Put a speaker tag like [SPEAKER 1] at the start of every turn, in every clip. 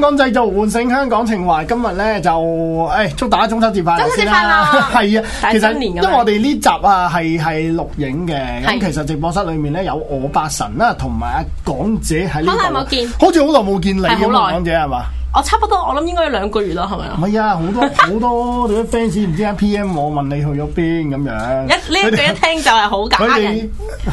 [SPEAKER 1] 香港製造喚醒香港情懷，今日咧就誒、哎，祝大家中秋節快樂啦！係啊， 其實因為我哋呢集啊，係係錄影嘅咁，的其實直播室裏面咧有我八神啦，同埋阿港姐喺呢度，好耐冇見，好似好耐冇見你，咁的。港姐係嘛？久我差
[SPEAKER 2] 不多，我諗應該有兩個月咯，係咪啊？唔
[SPEAKER 1] 係啊，好多好多你啲 fans 唔知阿 PM 我問你去咗邊咁樣一呢一句一聽就係好搞笑，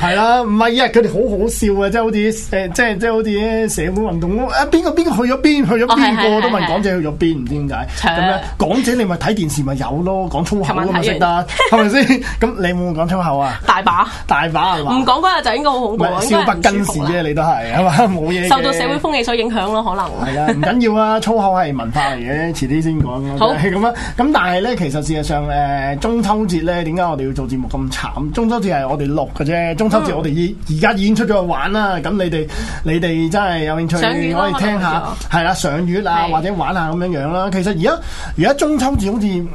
[SPEAKER 1] 係啦，唔係啊，佢哋好好笑啊，即係好似即係即係好似社會運動咯，啊邊個邊個去咗邊去咗邊個都問港姐去咗邊，唔知點解咁樣港姐你咪睇電視咪有咯，講粗口都唔識得，係咪先？咁你有冇講粗口啊？大把大把，唔
[SPEAKER 2] 講嗰日就應該好恐怖，少不更
[SPEAKER 1] 事啫，你都係係嘛，冇嘢，受到社會
[SPEAKER 2] 風氣所影響咯，可能係啦，唔
[SPEAKER 1] 緊要啊。粗口係文化嚟嘅，遲啲先講咁啊！咁好 但係咧，其實事實上誒，中秋節咧，點解我哋要做節目咁慘？中秋節係我哋錄嘅啫，中秋節我哋而而家已經出咗去玩啦。咁、嗯、你哋你哋真係有興趣可以聽下，係啦，賞月啊或者玩下咁樣樣啦。其實而家而家中秋節好似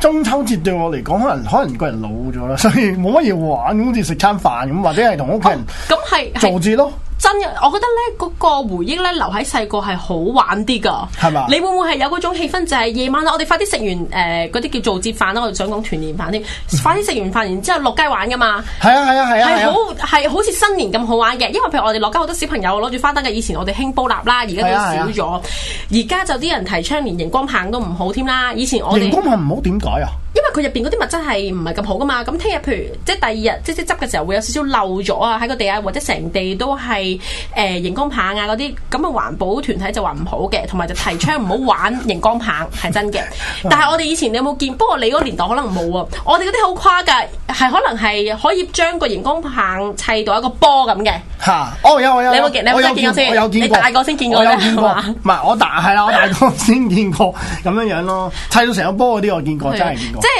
[SPEAKER 1] 中秋節對我嚟講，可能可能個人老咗啦，所以冇乜嘢玩，好似食餐飯咁，或者係同屋企人
[SPEAKER 2] 咁係做節咯。真嘅，我覺得咧嗰、那個回憶咧留喺細個係好玩啲噶，係嘛吧？你會唔會係有嗰種氣氛？就係、是、夜晚啦，我哋快啲食完誒嗰啲叫做節飯啦，我哋想講團年飯添，快啲食完飯，然之後落街玩噶嘛？係啊
[SPEAKER 1] 係啊係啊，係好
[SPEAKER 2] 係好似新年咁好玩嘅，因為譬如我哋落街好多小朋友攞住花燈嘅，以前我哋興煲蠟啦，而家都少咗，而家、啊啊、就啲人提倡連螢光棒都唔好添啦。以前我哋螢光
[SPEAKER 1] 棒唔好點改啊？
[SPEAKER 2] 佢入邊嗰啲物質係唔係咁好噶嘛？咁聽日，譬如即係第二日，即即執嘅時候會有少少漏咗啊，喺個地下，或者成地都係誒熒光棒啊嗰啲，咁啊環保團體就話唔好嘅，同埋就提倡唔好玩熒光棒，係真嘅。但係我哋以前你有冇見？不過你嗰年代可能冇啊。我哋嗰啲好誇噶，係可能係可以將個熒光棒砌，砌到一個波咁嘅。
[SPEAKER 1] 吓、啊，哦有有，有，有，有，你有冇有見？我有見過先。你大個先見過。我有見過。唔係我大係嗎啦，我大個先見過咁樣樣咯，砌到成個波嗰啲我見過，真係 見過。見過見過， 即係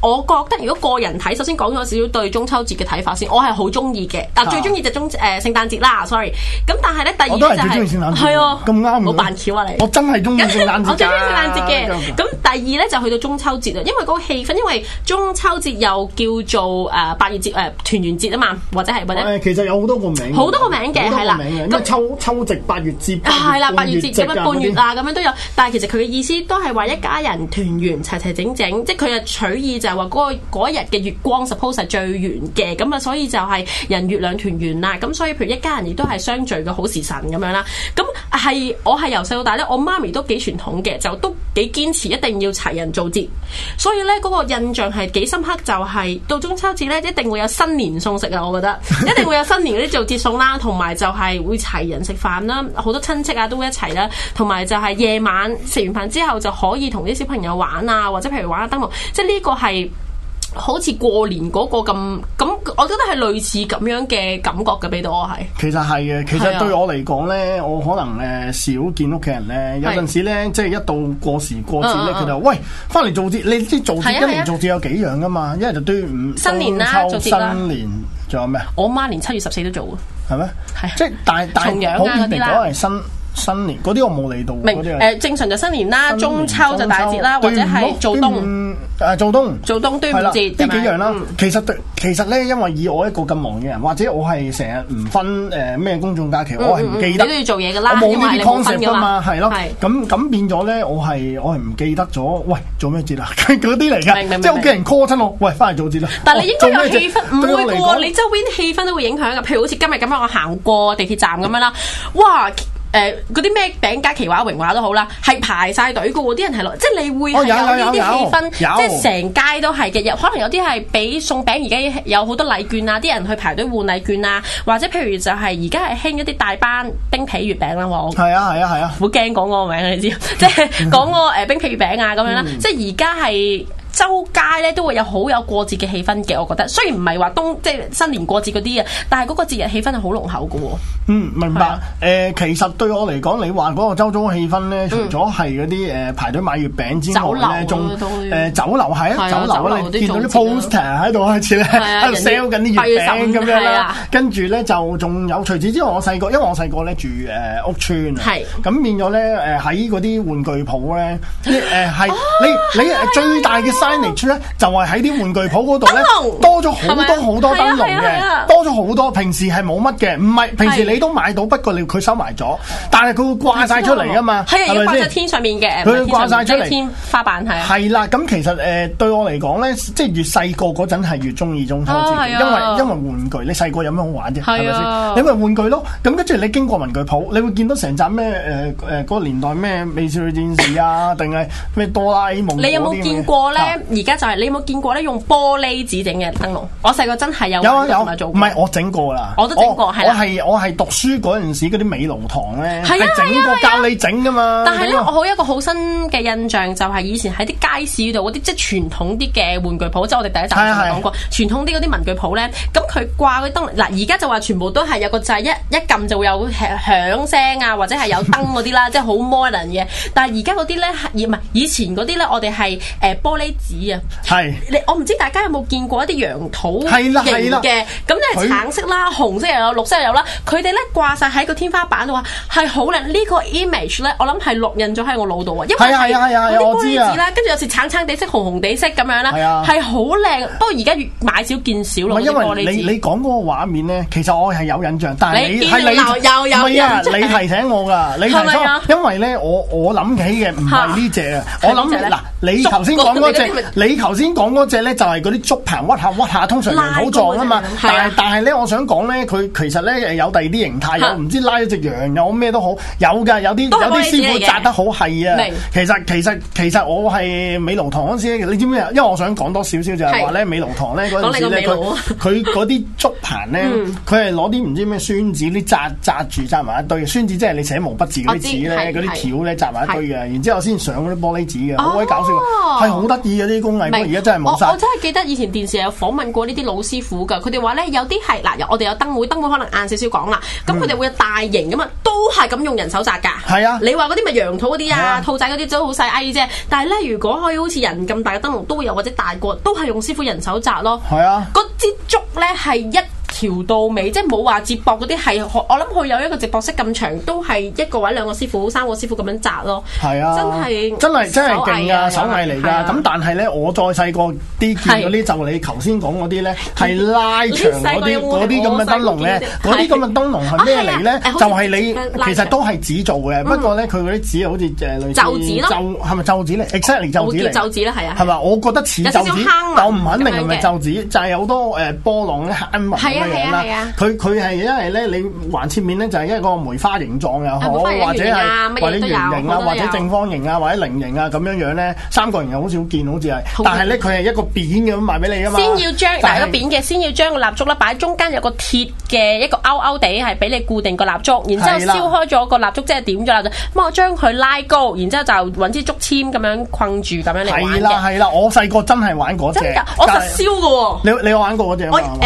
[SPEAKER 2] 我覺得如果個人睇，首先講咗少少對中秋節嘅睇法先，我係好中意嘅。嗱，最中意就中誒聖誕節啦，sorry。咁但係咧，第二就係係啊，咁啱好扮巧啊你！我真係中意聖誕節嘅。咁第二咧就去到中秋節啊，因為嗰個氣氛，因為中秋節又叫做誒八月節誒團圓節啊嘛，或者係或者
[SPEAKER 1] 誒，其實有好多個名，好多個名嘅係啦。咁秋秋夕八月節係啦，八月節咁樣半月啊，咁樣都
[SPEAKER 2] 有。但係其實佢嘅意思都係話一家人團圓齊齊整整，即係佢嘅取意。就係話嗰一日嘅月光，suppose 係最圓嘅，咁啊，所以就係人月兩團圓啦。咁所以譬如一家人亦都係相聚嘅好時辰咁樣啦。咁係我係由細到大咧，我媽咪都幾傳統嘅，就都幾堅持一定要齊人做節。所以咧嗰個印象係幾深刻，就係、是、到中秋節咧一定會有新年餸食啊！我覺得一定會有新年嗰啲做節餸啦，同埋 就係會齊人食飯啦，好多親戚啊都會一齊啦，同埋就係夜晚食完飯之後就可以同啲小朋友玩啊，或者譬如玩下燈籠，即係呢個係。好似過年嗰個咁咁，我覺得係類似咁樣嘅感覺嘅，俾到我係。
[SPEAKER 1] 其實係嘅，其實對我嚟講咧,我可能誒少見屋企人咧，有陣時咧，即係一到過時過節咧，佢就話，喂，翻嚟做節，你知做節一年做節有幾樣噶嘛，一係就端午、新年啦，新年仲有咩？
[SPEAKER 2] 我媽年七月十四都做
[SPEAKER 1] 啊，係咩？係即係但係好嗰啲啦。新年嗰啲我冇嚟到。明，誒
[SPEAKER 2] 正常就新年啦，中秋就大節啦，或者係做冬誒做冬做冬端午節，呢幾樣
[SPEAKER 1] 啦。其實對其實咧，因為以我一個咁忙嘅人，或者我係成日唔分誒咩公眾假期，我係唔記得。都要做嘢噶啦，冇呢啲 concept 噶嘛，係咯。咁咁變咗咧，我係我係唔記得咗。喂，做咩節啊？嗰啲嚟㗎，即係屋企人 call 親我，喂，翻嚟做節啦。但係你應該有氣氛，唔會喎。你
[SPEAKER 2] 周邊氣氛都會影響㗎，譬如好似今日咁樣，我行過地鐵站咁樣啦，哇！誒嗰啲咩餅話，假奇華榮華都好啦，係排晒隊嘅喎，啲人係落，即係你會有呢啲氣氛，哦、即係成街都係嘅，有可能有啲係俾送餅，而家有好多禮券啊，啲人去排隊換禮券啊，或者譬如就係而家係興一啲大班冰皮月餅啦喎，係啊係啊係啊，好驚講個名你知，即係講個誒冰皮月餅啊咁樣啦，即係而家係。周街咧都會有好有過節嘅氣氛嘅，我覺得。雖然唔係話冬即係新年過節嗰啲啊，但係嗰個節日氣氛係好濃
[SPEAKER 1] 厚嘅喎。嗯，明白。誒，其實對我嚟講，你話嗰個周中嘅氣氛咧，除咗係嗰啲誒排隊買月餅之外咧，仲誒酒樓係啊，酒樓啊，你見到啲 poster 喺度開始咧，喺度 sell 緊啲月餅咁樣啦。跟住咧就仲有除此之外，我細個因為我細個咧住誒屋邨啊，係咁變咗咧誒喺嗰啲玩具鋪咧，誒係你你最大嘅。咧，就係喺啲玩具鋪嗰度咧，多咗好多好多燈籠嘅，多咗好多。平時係冇乜嘅，唔係平時你都買到，不過你佢收埋咗，但係佢會掛晒出嚟噶嘛，係啊，掛喺天
[SPEAKER 2] 上面嘅，佢掛晒出嚟，天花板係。係
[SPEAKER 1] 啦，咁其實誒對我嚟講咧，即係越細個嗰陣係越中意中秋節，因為因為玩具，你細個有咩好玩啫？係咪先？你咪玩具咯。咁跟住你經過文具鋪，你會見到成集咩誒誒嗰個年代咩美少女戰士啊，定係咩哆啦 A 夢？你有冇見過
[SPEAKER 2] 咧？而家就係、是、你有冇見過咧？用玻璃紙整嘅燈籠，我細個真係有過有同唔係
[SPEAKER 1] 我整過啦。我都整過，係我係我係讀書嗰陣時嗰啲美勞堂咧，係整過教你整噶嘛。但係咧，我
[SPEAKER 2] 好一個好新嘅印象，就係以前喺啲街市度嗰啲即係傳統啲嘅玩具鋪，即係我哋第一集都講過傳統啲嗰啲文具鋪咧。咁佢掛個燈嗱，而家就話全部都係有個掣、就是，一一撳就會有響聲啊，或者係有燈嗰啲啦， 即係好 modern 嘅。但係而家嗰啲咧，而以前嗰啲咧，我哋係誒玻璃紙啊，係你我唔知大家有冇見過一啲楊桃型嘅？咁咧橙色啦、紅色又有、綠色又有啦。佢哋咧掛晒喺個天花板度啊，係好靚。呢個 image 咧，我諗係烙印咗喺我腦度啊。因為佢啲玻璃紙啦，跟住有時橙橙地色、紅紅地色咁樣啦，係好靚。不過而家越買少見少咯。唔係因為你你
[SPEAKER 1] 講嗰個畫面咧，其實我係有印象，但係你係你唔係啊？你提醒我㗎，你提醒啊，因為咧我我諗起嘅唔係呢隻啊，我諗嗱，你頭先講嗰隻。你頭先講嗰隻咧，就係嗰啲竹棚屈下屈下，通常羊口撞啊嘛。但係但係咧，我想講咧，佢其實咧有第二啲形態，有唔知拉咗隻羊，有咩都好，有噶有啲有啲師傅紮得好，係啊。其實其實其實我係美龍堂嗰時咧，你知唔知？因為我想講多少少就係話咧，美龍堂咧嗰陣時咧，佢佢嗰啲竹棚咧，佢係攞啲唔知咩宣紙，啲紮扎住紮埋一堆宣紙，即係你寫毛筆字嗰啲紙咧，嗰啲條咧紮埋一堆嘅，然之後先上嗰啲玻璃紙嘅，好鬼搞笑，係好得意啊！啲工藝而家真係冇曬。我，我真係記
[SPEAKER 2] 得以前電視有訪問過呢啲老師傅㗎，佢哋話咧，有啲係嗱，我哋有燈會，燈會可能晏少少講啦。咁佢哋會有大型㗎嘛，都係咁用人手紮㗎。係 啊，你話嗰啲咪羊肚嗰啲啊， 兔仔嗰啲都好細埃啫。但係咧，如果可以好似人咁大嘅燈籠都會有，或者大過，都係用師傅人手紮咯。係啊，嗰支竹咧係一。調到尾，即係冇話接駁嗰啲係，我諗佢有一個接駁式咁長，都係一個位兩個師傅，三個師傅咁樣紮咯。
[SPEAKER 1] 係啊，真係真係真係勁啊，手藝嚟㗎。咁但係咧，我再細個啲見嗰啲，就你頭先講嗰啲咧，係拉長嗰啲啲咁嘅燈籠咧，嗰啲咁嘅燈籠係咩嚟咧？就係你其實都係紙做嘅，不過咧佢嗰啲紙好似誒類似就紙，係咪就紙嚟？exactly 就紙嚟。就紙啦，係啊。係嘛？我覺得似就紙，但唔肯定係咪就紙，就係好多誒波浪嘅係啊係啊，佢佢係因為咧，你橫切面咧就係一個梅花形狀又好，或者係或者圓形啊，或者正方形啊，或者菱形啊咁樣樣咧，三角形又好少見，好似係。但係咧，佢係一個扁咁賣俾你噶嘛。先要將嗱個扁
[SPEAKER 2] 嘅，先要將個蠟燭啦擺喺中間，有個鐵嘅一個凹凹地係俾你固定個蠟燭，然之後燒開咗個蠟燭，即係的點咗蠟燭。咁的我將佢拉高，然之後就揾支竹籤咁樣困住咁樣嚟玩嘅。係啦係
[SPEAKER 1] 啦，我細個真係玩過嗰隻，我實燒噶。你你有玩過嗰隻啊？
[SPEAKER 2] 因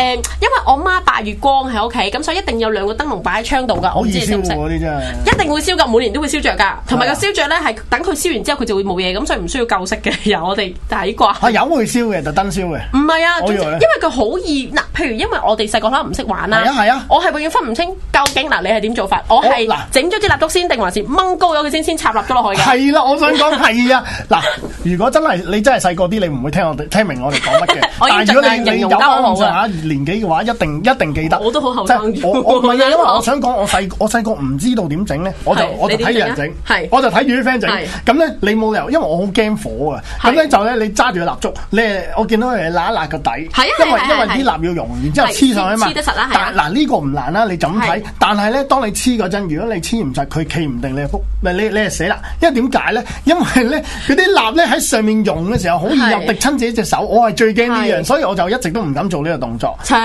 [SPEAKER 2] 為我。是媽白月光喺屋企，咁所以一定有兩個燈籠擺喺窗度噶，好易燒啲，真係一定會燒噶，每年都會燒着噶，同埋個燒着咧係等佢燒完之後佢就會冇嘢，咁所以唔需要救熄嘅。有我哋睇過。
[SPEAKER 1] 啊，有會燒嘅，特登燒嘅，唔係啊，因為
[SPEAKER 2] 佢好易嗱，譬如因為我哋細個可能唔識玩啦，係啊係啊，我係永遠分唔清究竟嗱你係點做法，我係整咗支蠟燭先定還是掹高咗佢先先插蠟燭落去嘅。係啦，
[SPEAKER 1] 我想講係啊嗱，如果真係你真係細個啲，你唔會聽我哋，聽明我哋講乜嘅。但我大咗你有翻咁上下年紀嘅話，一定。一定記得，我都好後生。我我唔係啊，因為我想講，我細我細個唔知道點整咧，我就我就睇人整，係我就睇魚 friend 整。咁咧你冇理由，因為我好驚火啊。咁咧就咧，你揸住個蠟燭，你我見到佢辣一辣個底，因為因為啲蠟要溶，然之後黐上去嘛。黐得實啦，係。但嗱呢個唔難啦，你就咁睇。但係咧，當你黐嗰陣，如果你黐唔實，佢企唔定，你係覆，你你你係死啦。因為點解咧？因為咧嗰啲蠟咧喺上面溶嘅時候，好易入滴親自己隻手。我係最驚呢樣，所以我就一直都唔敢做呢個動作。請。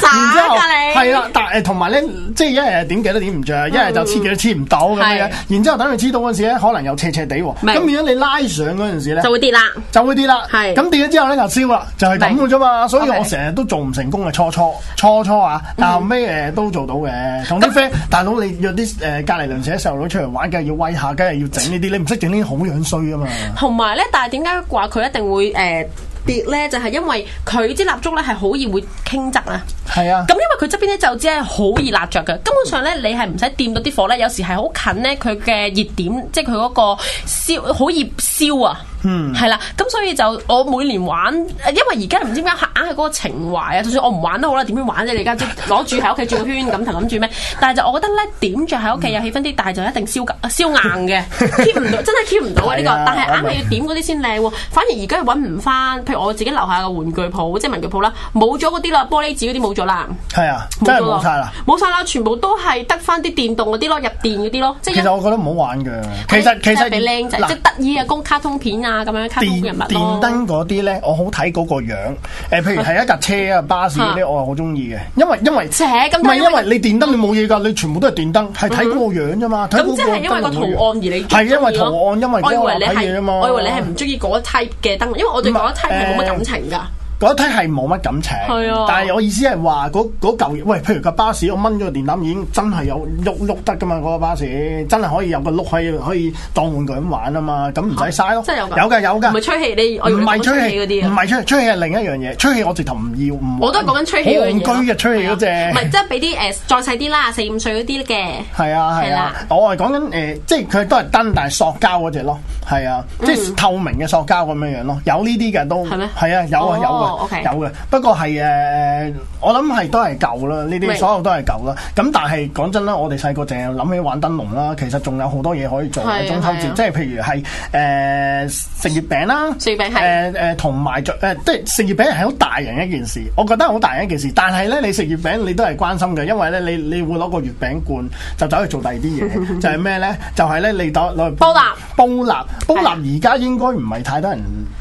[SPEAKER 1] 然之後係啦，但係同埋咧，即係一係點幾都點唔着，一係就黐幾都黐唔到咁樣。然之後等佢黐到嗰時咧，可能又斜斜地。咁如果你拉上嗰陣時咧，就會跌啦，就會跌啦。係咁跌咗之後咧就燒啦，就係咁嘅啫嘛。所以我成日都做唔成功，嘅，初初，初初啊！但後尾誒都做到嘅。同啲 friend 大佬，你約啲誒隔籬鄰舍細路佬出嚟玩，梗係要威下，梗係要整呢啲。你唔識整呢啲好樣衰啊嘛！
[SPEAKER 2] 同埋咧，但係點解話佢一定會誒？別咧就係，是，因為佢啲蠟燭咧係好易會傾側是啊，係啊，咁因為佢側邊啲就紙咧好易焫着嘅。根本上咧你係唔使掂到啲火咧，有時係好近咧佢嘅熱點，即係佢嗰個燒好易燒啊。嗯，係啦，咁所以就我每年玩，因為而家唔知點解硬係嗰個情懷啊！就算我唔玩都好啦，點樣玩啫？你而家即攞住喺屋企轉個圈，咁頭咁轉咩？但係就我覺得咧，點着喺屋企有氣氛啲，但係就一定燒燒硬嘅，keep 唔到，真係 keep 唔到啊！呢個，但係硬係要點嗰啲先靚，反而而家揾唔翻。譬如我自己樓下嘅玩具鋪，即係文具鋪啦，冇咗嗰啲啦，玻璃紙嗰啲冇咗啦，
[SPEAKER 1] 係啊，真係冇晒啦，
[SPEAKER 2] 冇晒啦，全部都係得翻啲電動嗰啲咯，入電嗰啲咯，即其實我
[SPEAKER 1] 覺得唔好玩嘅，其實其實俾僆仔
[SPEAKER 2] 即得意啊，公卡通片啊。電電燈
[SPEAKER 1] 嗰啲咧，我好睇嗰個樣。誒、呃，譬如係一架車啊、巴士嗰啲，啊、我係好中意嘅。因為因為唔係因為你電燈你冇嘢噶，嗯、你全部都係電燈，係睇嗰個樣啫嘛。咁、嗯嗯、即係因為個圖案而你係因為圖案，因為你睇嘢啊嘛？我以為你係唔中意嗰一 type
[SPEAKER 2] 嘅燈，因為我對嗰一 type 係冇乜感情噶。
[SPEAKER 1] 嗰一睇係冇乜感情，係啊，但係我意思係話嗰嚿嘢，喂，譬如架巴士，我掹咗個電纜，已經真係有喐喐得噶嘛，嗰個巴士真係可以有個碌可以可以當玩具咁玩啊嘛，咁唔使嘥咯。真有噶？有噶有噶。唔係吹氣你，唔係吹氣嗰啲，唔係吹，吹氣係另一樣嘢，吹氣我直頭唔要。我都係講緊吹氣嗰玩具嘅吹氣嗰隻。唔係，
[SPEAKER 2] 即係俾啲誒再細啲啦，四五歲嗰啲嘅。
[SPEAKER 1] 係啊係啊，我係講緊誒，即係佢都係燈，但係塑膠嗰隻咯，係啊，即係透明嘅塑膠咁樣樣咯，有呢啲嘅都係咩？係啊，有啊有 Oh okay. 有嘅，不過係誒，我諗係都係舊啦。呢啲所有都係舊啦。咁 Right. 但係講真啦，我哋細個淨係諗起玩燈籠啦，其實仲有好多嘢可以做 中秋節， 即係譬如係誒食月餅啦， 呃呃呃、月餅係誒同埋做即係食月餅係好大人一件事，我覺得好大人一件事。但係咧，你食月餅你都係關心嘅，因為咧你你會攞個月餅罐就走去做第二啲嘢，就係咩咧？就係咧你攞攞煲蠟立煲蠟煲蠟，而家應該唔係太多人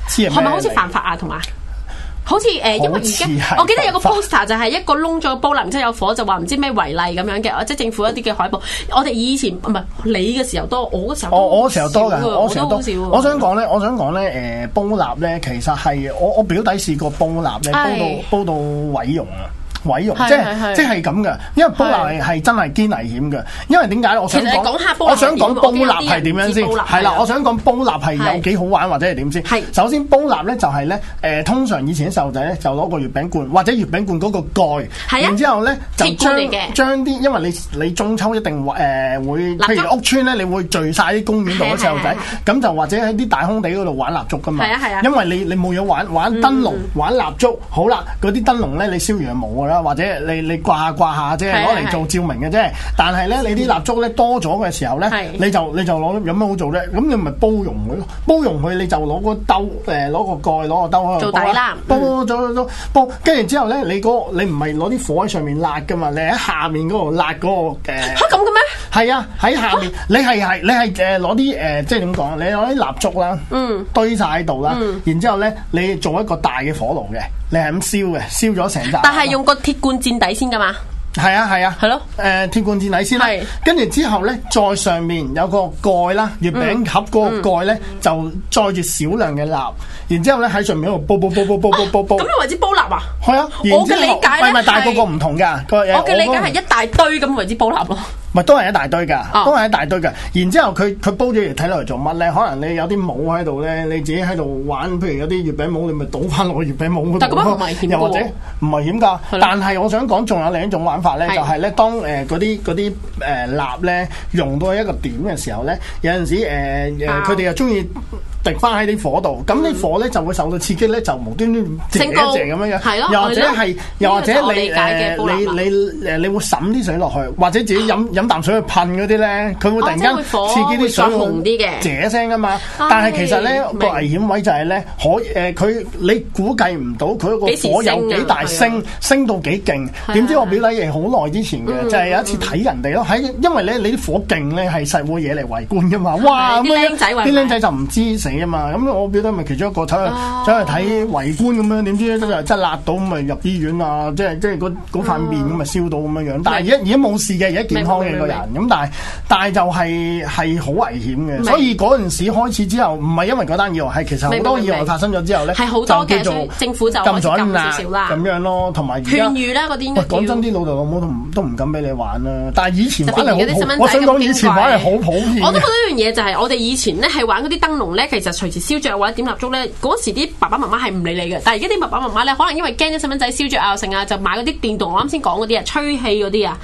[SPEAKER 1] 黐嘅，係咪好似犯
[SPEAKER 2] 法啊？同埋。 好似誒，呃、像因為而家 我記得有個 poster 就係一個窿咗 個煲蠟，然之後有火就話唔知咩違例咁樣嘅，即係政府一啲嘅海報。我哋以前唔係你嘅時，時，時，時候多，我嗰時候。我我嗰時候多㗎，我嗰時候多。我想講
[SPEAKER 1] 咧，我想講咧，誒、呃、煲蠟咧，其實係我我表弟試過煲蠟咧，煲到，唉煲到煲到毀容啊！毀容， 即係即係咁噶，因為煲蠟係真係堅危險嘅。因為點解咧？我想講，我想講煲蠟係點樣先？係啦，我想講煲蠟係有幾好玩的或者係點先？的首先煲、就係，煲蠟咧就係咧，誒通常以前細路仔咧就攞個月餅罐或者月餅罐嗰個蓋，的然之後咧就將將啲，因為你你中秋一定誒會，譬、呃、如屋村咧，你會聚晒啲公園度嘅細路仔，咁就燭或者喺啲大空地嗰度玩蠟燭噶嘛。係啊係啊。因為你你冇嘢玩，玩燈籠、嗯、玩蠟燭，好啦，嗰啲燈籠咧你燒完冇啊。或者你你掛下掛下啫，攞嚟做照明嘅啫。但係咧，你啲蠟燭咧多咗嘅時候咧係，你就你就攞有咩好做咧？咁你咪包容佢咯，煲溶佢，你就攞個兜誒，攞個蓋攞個兜喺度做底啦。煲咗咗煲，跟住之後咧、嗰個，你你唔係攞啲火喺上面辣㗎嘛？你喺下面嗰度辣嗰、嗰個誒咁嘅咩？係、呃、啊，喺、啊、下面、啊、你係係你係誒攞啲誒即係點講你攞啲蠟燭啦，嗯，堆晒喺度啦，然之後咧你做一個大嘅火爐嘅，你係咁燒嘅，燒咗成扎。但
[SPEAKER 2] 係用個鐵罐墊底先噶嘛？
[SPEAKER 1] 係啊係啊，係咯，誒，鐵罐墊底先啦，跟住之後咧，再上面有個蓋啦，月餅盒個蓋咧就載住少量嘅蠟，然之後咧喺上面度煲煲煲煲煲煲煲煲，咁樣
[SPEAKER 2] 為之煲蠟啊？
[SPEAKER 1] 係啊，我嘅理解咧係咪大個個唔同噶？我嘅理解係
[SPEAKER 2] 一大堆咁為之煲蠟咯。
[SPEAKER 1] 咪都係一大堆噶，都係一大堆噶。然之後佢佢煲咗嚟睇落嚟做乜咧？可能你有啲帽喺度咧，你自己喺度玩，譬如有啲月餅帽，你咪倒翻落月餅帽咁咯。又或者唔係危險噶，的但係我想講，仲有另一種玩法咧，的就係咧，當誒嗰啲啲誒蠟咧融到一個點嘅時候咧，有陣時誒誒，佢、呃、哋、呃、又中意。 滴翻喺啲火度，咁啲火咧就會受到刺激咧，就無端端炸一隻咁樣樣，又或者係，又或者你誒你你誒你會滲啲水落去，或者自己飲飲啖水去噴嗰啲咧，佢會突然間刺激啲水紅啲嘅。姐聲㗎嘛。但係其實咧個危險位就係咧，可誒佢你估計唔到佢個火有幾大升，升到幾勁。點知我表弟亦好耐之前嘅，就係有一次睇人哋咯，喺因為咧你啲火勁咧係實會惹嚟圍觀㗎嘛。哇！啲僆仔，啲僆仔就唔知啊嘛，咁、嗯、我表弟咪其中一個走去走去睇圍觀咁樣，點知真係辣到咁咪入醫院啊！即係即係嗰塊面咁咪燒到咁樣樣。但係而家而家冇事嘅，而家健康嘅個人咁，但係但係就係係好危險嘅。沒所以嗰陣時開始之後，唔係因為嗰單意外，係其實好多意外發生咗之後咧，係好繼多嘅政
[SPEAKER 2] 府就撳咗撳少少啦咁
[SPEAKER 1] 樣咯。同埋勸喻啦嗰啲應該。講、啊、真，啲老豆老母都唔都唔敢俾你玩啦、啊。但係以前玩我想講以前玩係好普遍。我都覺
[SPEAKER 2] 得一樣嘢就係、是、我哋以前咧係玩嗰啲燈籠咧，其實。就隨時燒著或者點蠟燭呢？嗰時啲爸爸媽媽係唔理你嘅。但而家啲爸爸媽媽呢，可能因為驚啲細蚊仔燒着啊成啊，就買嗰啲電動，我啱先講嗰啲啊，吹氣嗰啲啊。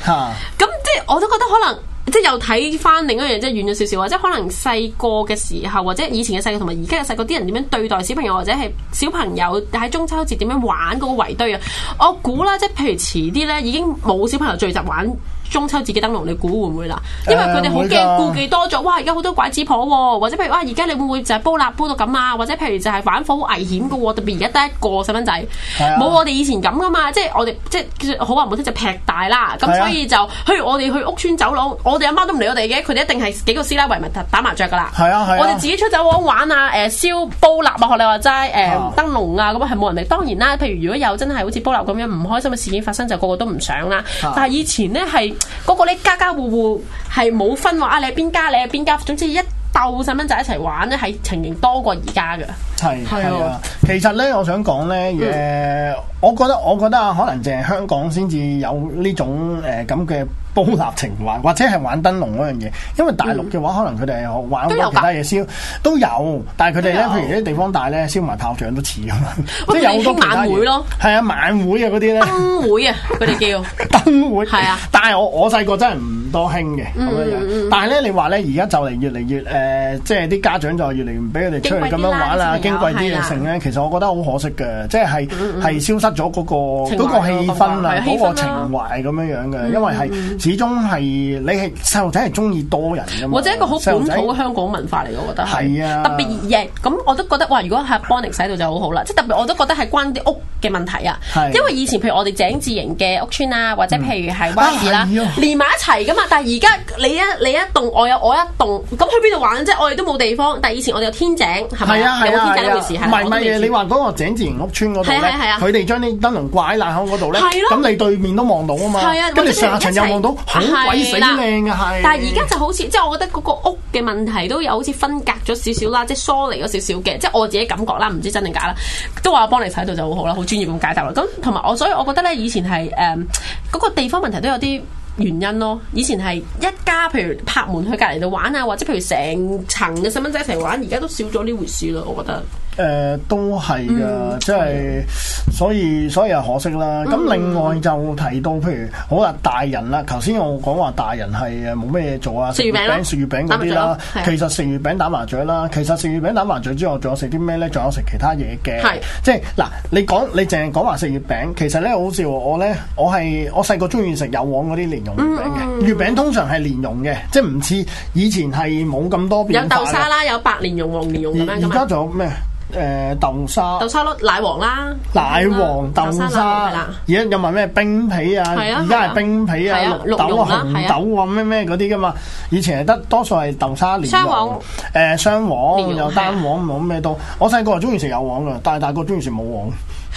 [SPEAKER 2] 咁即係我都覺得可能即係又睇翻另一樣嘢，即係遠咗少少，或者可能細個嘅時候，或者以前嘅細個同埋而家嘅細個，啲人點樣對待小朋友，或者係小朋友喺中秋節點樣玩嗰個圍堆啊？我估啦，即係譬如遲啲呢，已經冇小朋友聚集玩。中秋自己燈籠，你估會唔會啦？因為佢哋好驚顧忌多咗，哇！而家好多拐子婆喎、啊，或者譬如哇，而、啊、家你會唔會就係煲蠟煲到咁啊？或者譬如就係玩火危險嘅喎、啊，特別而家得一個細蚊仔，冇是、啊、我哋以前咁噶嘛。即係我哋即係好話唔好聽，就劈大啦。咁是、啊、所以就譬如我哋去屋村走廊，我哋阿媽都唔理我哋嘅，佢哋一定係幾個師奶圍埋打麻雀噶啦。是啊是啊我哋自己出走巷玩，玩啊，誒燒煲蠟、嗯、啊，學你話齋誒燈籠啊，咁係冇人理。當然啦，譬如如果有真係好似煲蠟咁樣唔開心嘅事件發生，就個個都唔想啦。是啊、但係以前呢，係。嗰個咧，家家戶戶係冇分喎，啊！你係邊間，你係邊間，總之一。斗細蚊仔一齊玩咧，係情形多過而家嘅。
[SPEAKER 1] 係係啊，其實咧，我想講咧，誒、嗯呃，我覺得我覺得啊，可能淨係香港先至有呢種誒咁嘅煲蠟情懷，或者係玩燈籠嗰樣嘢。因為大陸嘅話，嗯、可能佢哋係玩過其他嘢燒，都有。但係佢哋咧，譬有如啲地方大咧，燒埋炮仗都似啊嘛， 即係有好多晚會咯。係啊，晚會啊嗰啲咧，燈會啊佢哋叫 燈會係啊。 但係我我細個真係唔～多興嘅咁樣樣，但係咧，你話咧，而家就嚟越嚟越誒，即係啲家長就越嚟越唔俾佢哋出去咁樣玩啦，矜貴啲嘅剩咧，其實我覺得好可惜嘅，即係係係消失咗嗰個嗰個氣氛啦，嗰個情懷咁樣樣嘅，因為係始終係你係細路仔係中意多人㗎嘛，或者一個好本土嘅
[SPEAKER 2] 香港文化嚟，我覺得係，特別咁，我都覺得話如果係 Bonnie 使到就好好啦，即係特別我都覺得係關啲屋嘅問題啊，因為以前譬如我哋井字形嘅屋村啊，或者譬如係灣仔啦，連埋一齊㗎嘛。但係而家你一你一棟我有我一棟咁去邊度玩，即係，我哋都冇地方。但係以前我哋有天井，係咪啊？有天井嘅時係唔係唔係？
[SPEAKER 1] 你話嗰個井字型屋村嗰度咧，佢哋將啲燈籠掛喺爛口嗰度咧，咁你對面都望到啊嘛。係啊，跟住上下層又望到好鬼死靚啊係。但係而家
[SPEAKER 2] 就好似即係，我覺得嗰個屋嘅問題都有好似分隔咗少少啦，即係疏離咗少少嘅。即係我自己感覺啦，唔知真定假啦，都話幫你睇到就好好啦，好專業咁解答啦。咁同埋我，所以我覺得咧，以前係誒嗰個地方問題都有啲。原因咯，以前係一家，譬如拍門去隔籬度玩啊，或者譬如成層嘅細蚊仔一齊玩，而家都少咗呢回事咯，我覺得。
[SPEAKER 1] 誒、呃，都係噶，嗯、即係所以，所以係可惜啦。咁另外就提到，嗯、譬如好啦，大人啦，頭先我講話大人係誒冇咩嘢做啊，食月餅，食月餅嗰啲啦。其實食月餅打麻雀啦，係，其實食月餅打麻雀之後，仲有食啲咩咧？仲有食其他嘢嘅。係、嗯嗯，即係嗱，你講你淨係講話食月餅，其實咧好似我咧，我係我細個中意食有黃嗰啲蓮蓉月餅嘅。月餅通常係蓮蓉嘅，即係唔似以前係冇咁多變化。有豆沙啦，有白蓮蓉、黃蓮蓉。而家仲有咩？誒，豆沙，豆沙
[SPEAKER 2] 咯，奶
[SPEAKER 1] 黃啦，奶黃豆沙，而家有埋咩冰皮啊？而家係冰皮啊，綠豆啊，紅豆啊，咩咩嗰啲噶嘛？以前係得多數係豆沙蓮蓉，誒，雙黃有單黃，冇咩多。我細個係中意食有黃噶，但係大個中意食冇黃。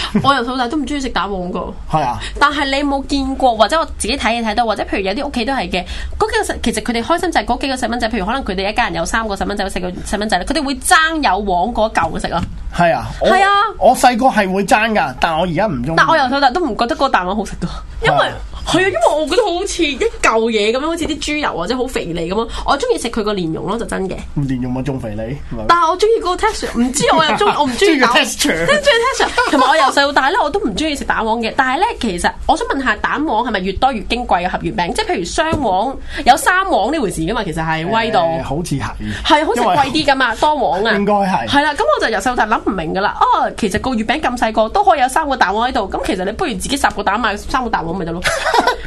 [SPEAKER 2] 我由細到大都唔中意食蛋黃噶，係啊。但係你冇見過或者我自己睇嘢睇到，或者譬如有啲屋企都係嘅，嗰幾個實其實佢哋開心就係、是、幾個細蚊仔，譬如可能佢哋一家人有三個細蚊仔、有四個細蚊仔咧，佢哋會爭有黃嗰嚿食咯。
[SPEAKER 1] 係啊，係啊，我細個係會爭噶，但我而家唔用。但我
[SPEAKER 2] 由細到大都唔覺得個蛋黃好食噶，
[SPEAKER 1] 因為。係啊，因為我覺得好
[SPEAKER 2] 似一嚿嘢咁樣，好似啲豬油或者好肥膩咁樣。我中意食佢個蓮蓉咯，就真嘅。
[SPEAKER 1] 唔蓮蓉咪仲肥膩。但
[SPEAKER 2] 係我中意嗰個 texture，唔知我又中意，我唔中意 texture。唔中意同埋我由細到大咧，我都唔中意食蛋黃嘅。但係咧，其實我想問下，蛋黃係咪越多越矜貴嘅合月餅？即係譬如雙黃有三黃呢回事噶嘛？其實係威度、欸，好似係係好似貴啲噶嘛，因為 多黃啊。應該係。係啦，咁、嗯、我就由細到大諗唔明噶啦。哦，其實個月餅咁細個，都可以有三個蛋黃喺度。咁其實你不如自己十個蛋買三個蛋黃咪得咯。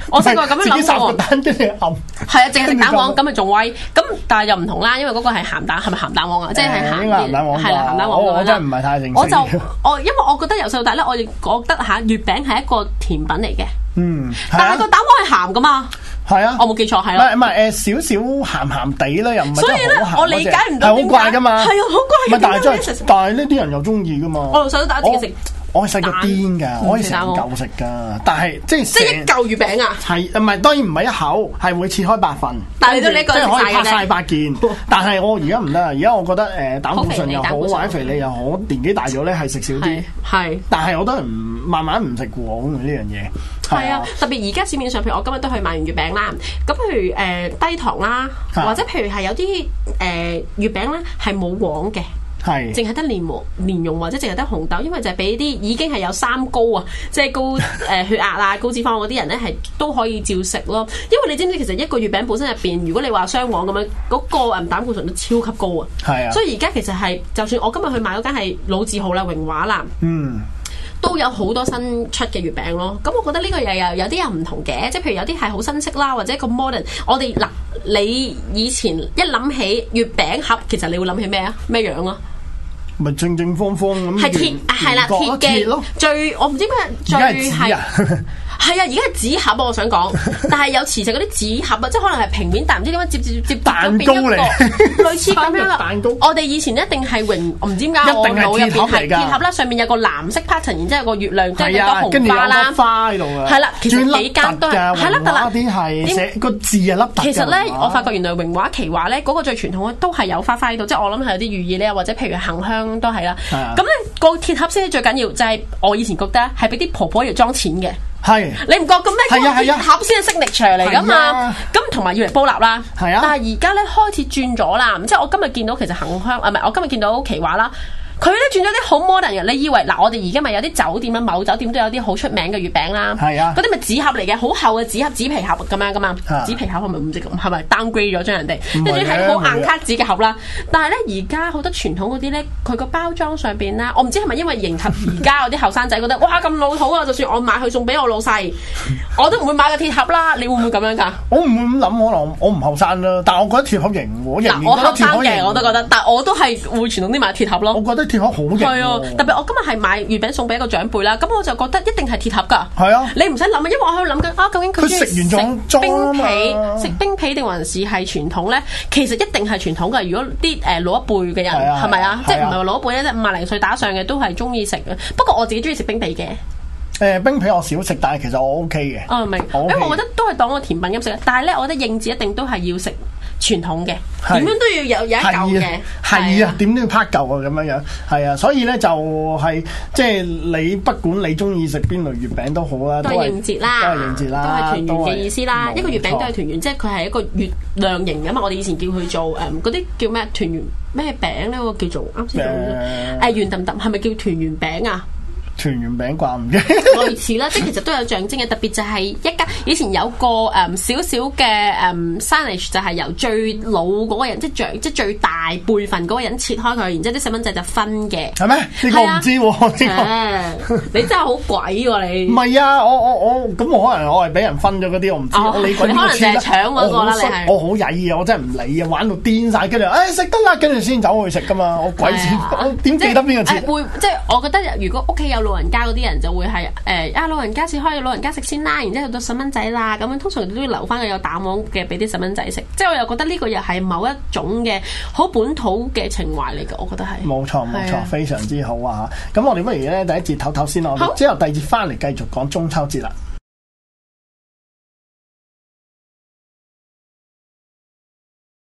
[SPEAKER 2] 我細個咁樣諗，個蛋都要係啊，淨係蛋黃，咁咪仲威。咁但係又唔同啦，因為嗰個係咸蛋，係咪咸蛋黃啊？即係咸蛋蛋黃，係咸蛋黃嗰個啦。我真
[SPEAKER 1] 唔係太正常。我就
[SPEAKER 2] 我因為我覺得由細到大咧，我亦覺得吓月餅係一個甜品嚟嘅。嗯，但係個蛋黃係咸噶嘛？係啊，我冇
[SPEAKER 1] 記錯係啊。唔係誒，少少咸咸地啦，又唔係。所以咧，我理解唔到點解係好怪噶嘛？係啊，好怪。但係呢啲人又中意噶嘛？我由細到大自己食。我細個癲噶，我食一舊食噶，但係即係一舊月餅啊，係唔係？當然唔係一口，係會切開八份，但係都你個價咧，拆晒八件。但係我而家唔得啦，而家我覺得誒，膽固醇又好，減肥你又好，年紀大咗咧，係食少啲。係，但係我都唔慢慢唔食黃呢樣嘢。係啊，
[SPEAKER 2] 特別而家市面上譬如我今日都去買完月餅啦，咁譬如誒低糖啦，或者譬如係有啲誒月餅咧係冇黃嘅。係，淨係得蓮蓮蓉，蓉，或者淨係得紅豆，因為就係俾啲已經係有三高啊，即係高誒、呃、血壓啊、高脂肪嗰啲人咧係都可以照食咯。因為你知唔知其實一個月餅本身入邊，如果你話雙黃咁樣，嗰、嗰個誒膽固醇都超級高是啊。係啊，所以而家其實係就算我今日去買嗰間係老字號啦榮華啦，榮華嗯，都有好多新出嘅月餅咯。咁我覺得呢個又有有又有啲又唔同嘅，即係譬如有啲係好新式啦，或者一個 modern 我。我哋嗱，你以前一諗起月餅盒，其實你會諗起咩啊？咩樣啊？
[SPEAKER 1] 咪正正方方咁，係鐵，
[SPEAKER 2] 係啦，鐵嘅。咯、啊。啊、最我唔知咩，最係。係啊，而家係紙盒，啊。我想講，但係有磁石嗰啲紙盒，啊，即係可能係平面，但唔知點解接接接彈弓嚟，類似咁樣啦。彈弓， 我哋以前一定係榮，唔知點解我腦入邊係鐵盒啦，上面有個藍色 pattern，然之後有個月亮即係個紅花
[SPEAKER 1] 啦。係啦、啊，其實幾間都係啦，特立。啲係寫個字啊，粒凸。其實咧，我發覺
[SPEAKER 2] 原來榮華奇華咧，嗰、那個最傳統都係有花花喺度，即係我諗係有啲寓意咧，或者譬如恒香都係啦。咁咧、啊、個鐵盒先最緊要，就係、是、我以前覺得係俾啲婆婆嚟裝錢嘅。係， 你唔覺咁咩？盒先係吸引力嚟噶嘛？咁同埋要嚟鋪立啦。係啊，但係而家咧開始轉咗啦。然之後我今日見到其實恆香啊，唔係我今日見到好奇華啦。佢咧轉咗啲好 modern 嘅，你以為嗱，我哋而家咪有啲酒店啦，某酒店都有啲好出名嘅月餅啦，係啊，嗰啲咪紙盒嚟嘅，好厚嘅紙盒、紙皮盒咁樣噶嘛，啊、紙皮盒係咪唔知咁，係咪 downgrade 咗將人哋，跟住轉好硬卡紙嘅盒啦。但係咧，而家好多傳統嗰啲咧，佢個包裝上邊啦，我唔知係咪因為迎合而家嗰啲後生仔覺得，哇咁老土啊！就算我買佢送俾我老細， 我都唔會買個鐵盒啦。你會唔會咁樣噶？我
[SPEAKER 1] 唔會咁諗，可能我唔後生啦，但係我覺得鐵盒型，我後生嘅我都
[SPEAKER 2] 覺得，但我都係會傳統啲買鐵盒咯。我覺得。鐵盒好型喎，特別我今日係買月餅送俾一個長輩啦，咁我就覺得一定係鐵盒噶。係啊的，你唔使諗啊，因為我喺度諗緊啊，究竟佢食完咗冰皮，食冰皮定還是係傳統咧？其實一定係傳統噶。如果啲誒、呃、老一輩嘅人係咪啊？即係唔係話老一輩咧？即五啊零歲打上嘅都係中意食。不過我自己中意食冰皮嘅。
[SPEAKER 1] 誒、呃，冰皮我少食，但係其實我 OK 嘅。
[SPEAKER 2] 我明，誒我，、OK、我覺得都係當個甜品咁食，但係咧，我覺得應節一定都係要食。傳統嘅，點樣都要有有一舊
[SPEAKER 1] 嘅，係啊，點、啊、都要拍舊啊，咁樣樣，係啊，所以咧就係即係你不管你中意食邊類月餅都好都啦，都係應節啦，都係應節啦，都係團圓嘅意思啦，一個月餅都係
[SPEAKER 2] 團圓，即係佢係一個月亮形咁嘛，我哋以前叫佢做誒嗰啲叫咩團圓咩餅咧，我叫做啱先，誒圓揼揼係咪叫團圓餅啊？
[SPEAKER 1] 團圓餅掛唔住，
[SPEAKER 2] 類似啦，即係其實都有象徵嘅，特別就係一家以前有個誒少少嘅，Sandwich 就係由最老嗰個人，即係最即係最大輩份嗰個人切開佢，然之後啲細蚊仔就分嘅，
[SPEAKER 1] 係咩？呢個唔知喎，你真
[SPEAKER 2] 係好鬼喎，你
[SPEAKER 1] 唔係啊！我我我咁我可能我係俾人分咗嗰啲，我唔知，你可能係搶嗰個啦，你我好曳啊！我真係唔理啊！玩到癲晒。跟住誒食得啦，跟住先走去食噶嘛！我鬼知我點記得邊個切？
[SPEAKER 2] 會即係我覺得如果屋企有。老人家嗰啲人就會係誒啊！老人家先開，老人家食先啦，然之後到細蚊仔啦咁樣，通常都要留翻個有蛋黃嘅俾啲細蚊仔食。即係我又覺得呢個又係某一種嘅好本土嘅情懷嚟嘅，
[SPEAKER 1] 我覺得係冇錯冇錯，非常之好啊！咁我哋不如咧第一節唞唞先咯，我哋之後第二節翻嚟繼續講中秋節啦。